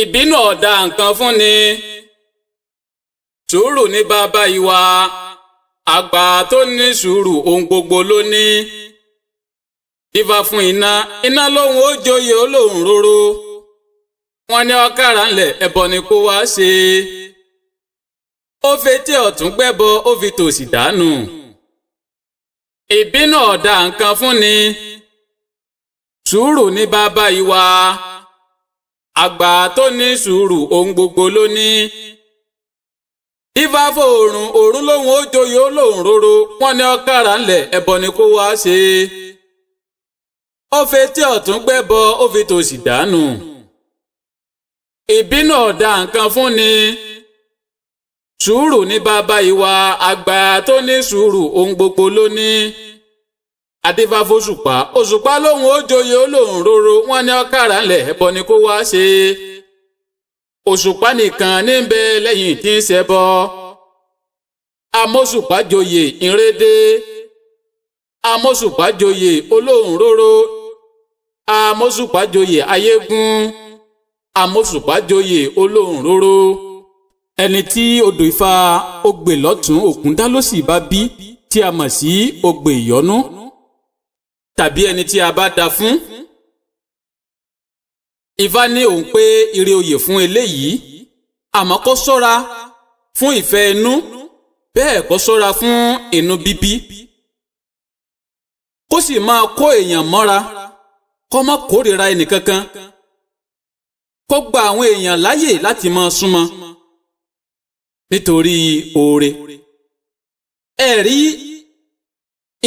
ìbínú ọ̀dà nǹkan fún ni sùúrù ní bàbá ìwà àgbà tó ní sùúrù ohun gbogbo ló ní ìfà fún iná iná lòun ó joyè ó lòun róró wọn ní ọkàrà ńlẹ ẹbọ ni kó wá ṣe ó fetí ọ̀tún gbẹ́bọ ó fi tòsì dànù ìbínú ọ̀dà nǹkan fún ni sùúrù ní bàbá ìwà àgbà tó ní sùúrù ohun gbogbo ló ní. ifá fòòrùn òòrùn lòun ó joyè ó lòun roro wọn ní ọkàrà ńlẹ ẹbọ ni kó wá ṣe. ó fetí ọ̀tún gbẹ́bọ ó fi tòsì dànù. ìbínú ọ̀dà nǹkan fún ni sùúrù ní bàbá ìwà àgbà tó ní sùúrù ohun gbogbo ló ní adéfáfóṣùpá òṣùpá lòun ó joyè ó lòun róró wọn ní ọkàrà ńlẹ ẹbọ ni kó wá ṣe òṣùpá nìkan ní bẹ lẹ́yìn tí ń ṣẹbọ amóṣùpá joyè ìrédé amóṣùpá joyè olóhùn róró amóṣùpá joyè ayégún amóṣùpá joyè olóhùn róró ẹni tí odò Ifá ogbè lọ́tún òkúndá ló sì bá bí tí a mọ̀ sí ogbè ìyọ́nú tàbí ẹni tí a bá dá fún. ifá ní òun pé ire oyè fún eléyìí àmọ́ kó ṣọ́ra fún ìfẹ́ inú bẹ́ẹ̀ kó ṣọ́ra fún inú bíbí kó sì máa kó èèyàn mọ́ra kó má kórìíra ẹnìkankan kó gba àwọn èèyàn láyè láti máa súnmọ́ nítorí oore ẹ̀rí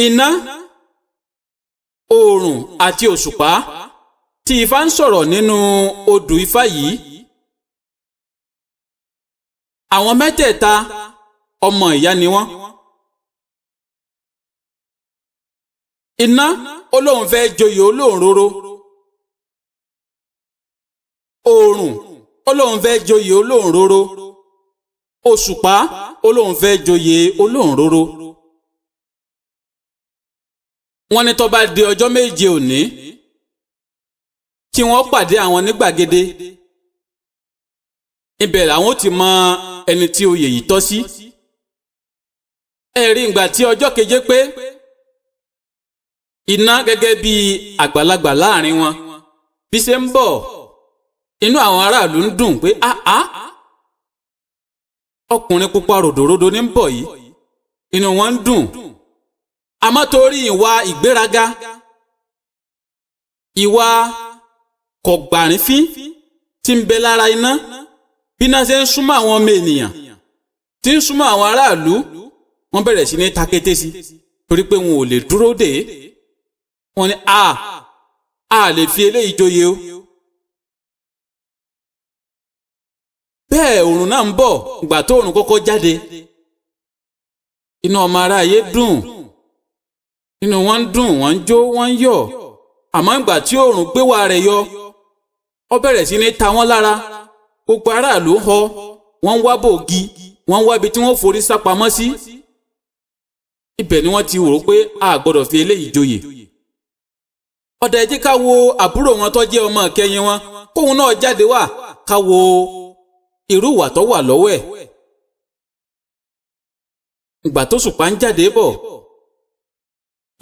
iná. iná oòrùn àti òṣùpá tí ifá ń sọ̀rọ̀ nínú odù ifá yìí. àwọn mẹ́tẹ̀ẹ̀ta ọmọ ìyá ni wọ́n. iná olóhùn fẹ́ joyè olóhùn roro. oòrùn olóhùn fẹ́ joyè olóhùn roro. òṣùpá olóhùn fẹ́ joyè olóhùn roro. wọ́n ní tó bá di ọjọ́ méje òní kí wọ́n pàdé àwọn ní gbàgede ibẹ̀ làwọn ti mọ ẹni tí oyè yìí tọ́ sí ẹ̀rí ìgbà tí ọjọ́ keje pé iná gẹ́gẹ́ bí àgbàlagbà láàrin wọn bí ṣe ń bọ̀ inú àwọn aráàlú ń dùn pé áá ọkùnrin pupa ròdòròdò ní ń bọ̀ yìí inú wọn ń dùn. àmọ́ torí ìwà ìgbéraga ìwà kọ̀gbàrínfín tí ń bẹ lára iná bí iná ṣe ń súnmọ́ àwọn ọmọ ènìyàn tí ń súnmọ́ àwọn aráàlú wọ́n bẹ̀rẹ̀ sí ní takété sí torí pé wọn ò lè dúró dè é wọ́n ní a a lè fi eléyìí joyè o. bẹ́ẹ̀ òòrùn náà ń bọ̀ ìgbà tó òòrùn kọ́kọ́ jáde inú ọmọ aráyé dùn inú wọn ń dùn wọn ń jó wọn ń yọ̀ àmọ́ ìgbà tí oòrùn gbé wa rẹ̀ yọ ó bẹ̀rẹ̀ sí ní ta wọ́n lára gbogbo aráàlú ń họ wọ́n ń wá bòógì wọ́n ń wá ibi tí wọ́n forí sá pamọ́ sí ibẹ̀ ni wọ́n ti wò pé a gbọ́dọ̀ fi eléyìí joyè ọ̀dà ẹ jẹ́ ká wo àbúrò wọn tó jẹ́ ọmọ ìkẹyìn wọn kóun náà jáde wá ká wo irú ìwà tó wà lọ́wọ́ ẹ̀ ìgbà tó sùpá ń jáde bọ̀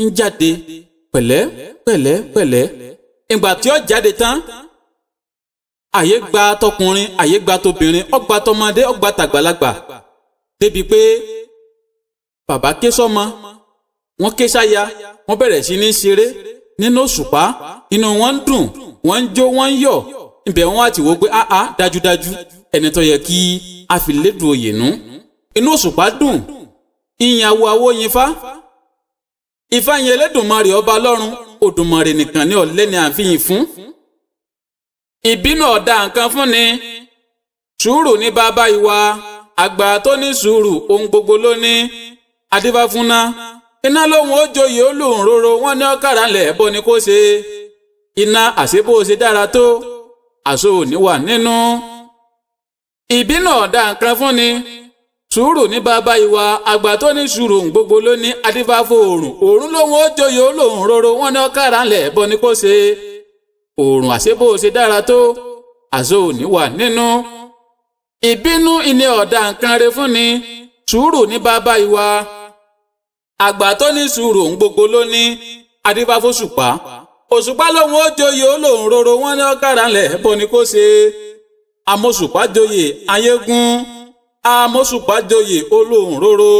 ń jáde pẹ̀lẹ́ pẹ̀lẹ́ pẹ̀lẹ́ ìgbà tí ó jáde tán àyè gba tọkùnrin àyè gba tobìnrin ọgbà tọmọdé ọgbà tàgbàlagbà débi pé bàbá ké sọmọ wọn ké sáya wọn bẹ̀rẹ̀ sí ní ṣeré nínú òṣùpá inú wọn ń dùn wọn ń jó wọn ń yọ̀ ibẹ̀ wọn àti wò pé áá dájúdájú ẹni tó yẹ kí a fi lédùn oyè inú òṣùpá dùn ìyàwó àwo yin fá ìfàyìn Elédùmarè ọba lọ́run Òdùmarè nìkan ní ọ̀lẹ́ ni à ń fìyìn fún. ìbínú ọ̀dà nǹkan fún ni sùúrù ní bàbá ìwà àgbà tó ní sùúrù ohun gbogbo ló ní adébáfúnná iná lóhun ó joyè ó lòun roro wọn ní ọkàrà ńlẹ̀ bọ́ ni kò ṣe iná àṣebó ṣe dára tó àṣọ òní wà nínú ìbínú ọ̀dà nǹkan fún ni sùúrù ní bàbá ìwà àgbà tó ní sùúrù gbogbo ló ní adífáfo òòrùn òòrùn lòun ó joyè ó lòun roro wọn ní ọkàrà ńlẹ̀ bọ́ ni kò ṣe òòrùn àṣebó ṣe dára tó àzó òní wà nínú ìbínú ìní ọ̀dà nǹkan re fún ni sùúrù ní bàbá ìwà àgbà tó ní sùúrù gbogbo ló ní adífáfo ṣùpá òṣùpá lòun ó joyè ó lòun roro wọn ní ọkàrà ńlẹ̀ bọ́ ni kò ṣe àmọ́ òṣùpá ayégún amóṣùpá joyè olóhùn róró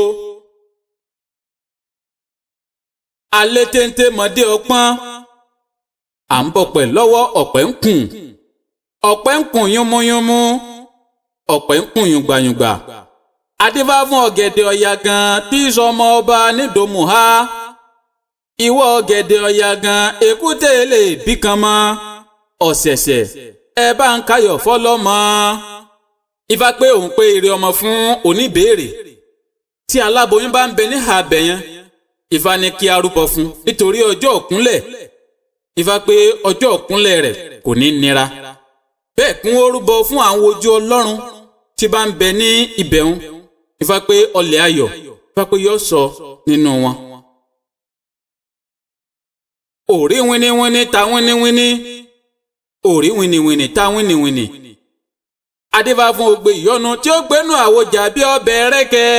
alẹ́ téńté mọ̀dé ọpọ́n à ń bọ̀pẹ̀ lọ́wọ́ ọ̀pẹ̀ ń kùn ọ̀pẹ̀ ń kùn yánmúyánmú ọ̀pẹ̀ ń kùn yùngbàyùngbà adébá fún ọ̀gẹ̀dẹ̀ ọ̀yà gan tí í sọmọ ọba nídòmùhá ìwọ ọ̀gẹ̀dẹ̀ ọ̀yà gan èkúté lè bí kan mọ́ ọ̀sẹ̀sẹ̀ ẹ bá ń kayọ̀ fọ́lọ́mọ́ ifá pé òun pé ire ọmọ fún oníbèèrè tí aláboyún bá ń bẹ níhà abẹ̀yẹn ifá ní kí a rúbọ fún nítorí ọjọ́ òkúnlẹ̀ ifá pé ọjọ́ òkúnlẹ̀ rẹ̀ kò ní nira bẹ́ẹ̀ kún ó rúbọ fún àwọn ojú ọlọ́run tí bá ń bẹ ní ibẹ̀hún ifá pé ọlẹ̀ ayọ̀ ifá pé yóò sọ nínú wọn. òrí winiwini ta winiwini òrí winiwini ta winiwini adébá fún ògbé ìyọnu tí ó gbénu àwòjà bí ọbẹ̀ rẹ́kẹ́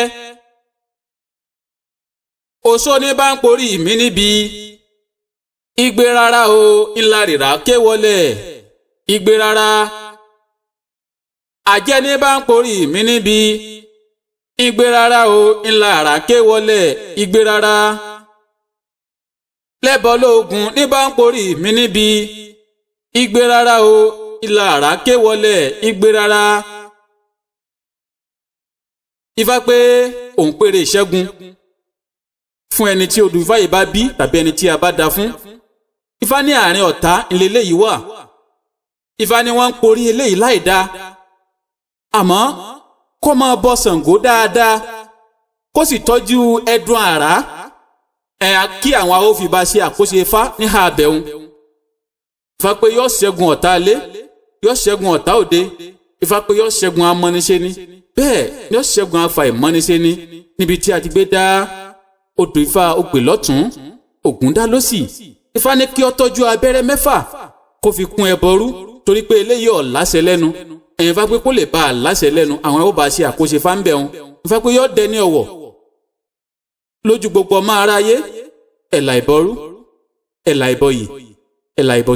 oṣó ní bá ń porí mi níbi igbe rárá o ńlá rírà ké wọlé igbe rárá àjẹ́ ní bá ń porí mi níbi igbe rárá o ńlá rà ké wọlé igbe rárá lẹ́bọ̀ lóògùn ní bá ń porí mi níbi igbe rárá o ìlà àrá ké wọlé igbe rárá. ifá pé òun péré ìṣẹ́gun fún ẹni tí odù ifá yìí bá bí tàbí ẹni tí a bá da fún. ifá ní àárín ọ̀tá ìlélẹ́ yìí wà. ifá ní wọ́n ń porí eléyìí láì dáa. àmọ́ kó máa bọ Ṣàngó dáadáa kó sì tọ́jú ẹdun àrá ẹ kí àwọn aófin bá ṣe àkóso ifá ní àbẹ̀hùn. ifá pé yóò ṣẹ́gun ọ̀tá lé yóò ṣẹ́gun ọ̀tá òde Ifá pé yóò ṣẹ́gun amọ́niṣe ni bẹ́ẹ̀ yóò ṣẹ́gun afa ìmọ́niṣe ni níbi tí a ti gbé dá odò Ifá ogbè lọ́tún ògùn dá lọ́sì Ifá ní kí ọ tọ́jú abẹ́rẹ́ mẹ́fà kó fi kún ẹbọrú torí pé eléyìí ọ̀ láṣẹ lẹ́nu ẹ̀yìn Ifá pé kó lè bá a láṣẹ lẹ́nu àwọn ẹ̀wọ́ bá a ṣe àkóṣe fáńbẹ̀ wọn Ifá pé yóò dẹni ọ̀wọ̀ lójú gbogbo ọmọ aráyé ẹ̀là ìbọrú ẹ̀là ìbọyì ẹ̀là ìbọ